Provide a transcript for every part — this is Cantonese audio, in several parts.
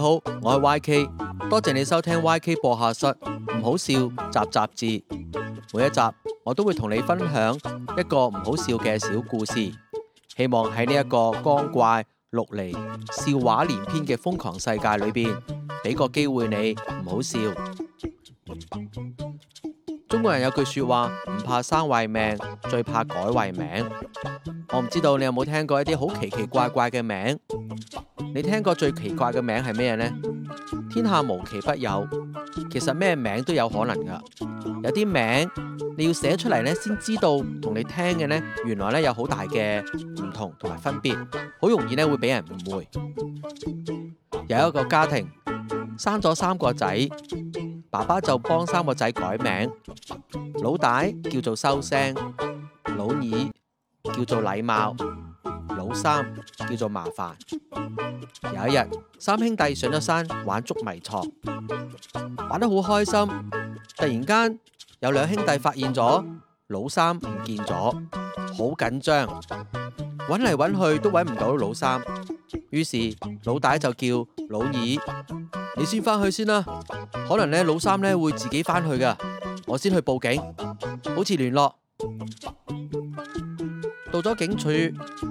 你好，我係 YK，多謝你收聽 YK 播客室，唔好笑集集字，每一集我都會同你分享一個唔好笑嘅小故事，希望喺呢一個光怪陸離、笑話連篇嘅瘋狂世界裏邊，俾個機會你唔好笑。中國人有句說話，唔怕生壞命，最怕改壞名。我唔知道你有冇聽過一啲好奇奇怪怪嘅名。你聽過最奇怪嘅名係咩呢？天下無奇不有，其實咩名都有可能噶。有啲名你要寫出嚟呢，先知道同你聽嘅呢，原來有好大嘅唔同同埋分別，好容易呢會俾人誤會。有一個家庭生咗三個仔，爸爸就幫三個仔改名，老大叫做收聲，老二叫做禮貌。三叫做麻煩。有一日，三兄弟上咗山玩捉迷藏，玩得好開心。突然間，有兩兄弟發現咗老三唔見咗，好緊張，搵嚟搵去都搵唔到老三。於是老大就叫老二，你先返去先啦，可能咧老三咧會自己返去㗎，我先去報警，保持聯絡。到咗警署。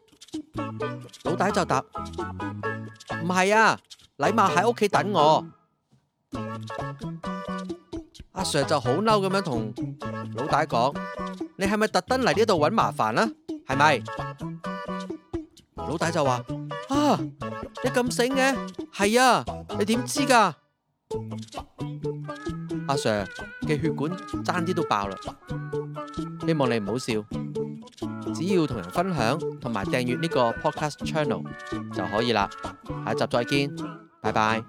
老大就答：唔係啊，禮馬喺屋企等我。阿 Sir 就好嬲咁樣同老大講：你係咪特登嚟呢度搵麻煩啦，啊？係咪？老大就話：啊，你咁醒嘅？係啊，你點知㗎？阿 Sir 嘅血管差啲都爆啦，希望你唔好笑。只要同人分享同埋訂閱呢個 podcast channel 就可以啦。下集再見，拜拜。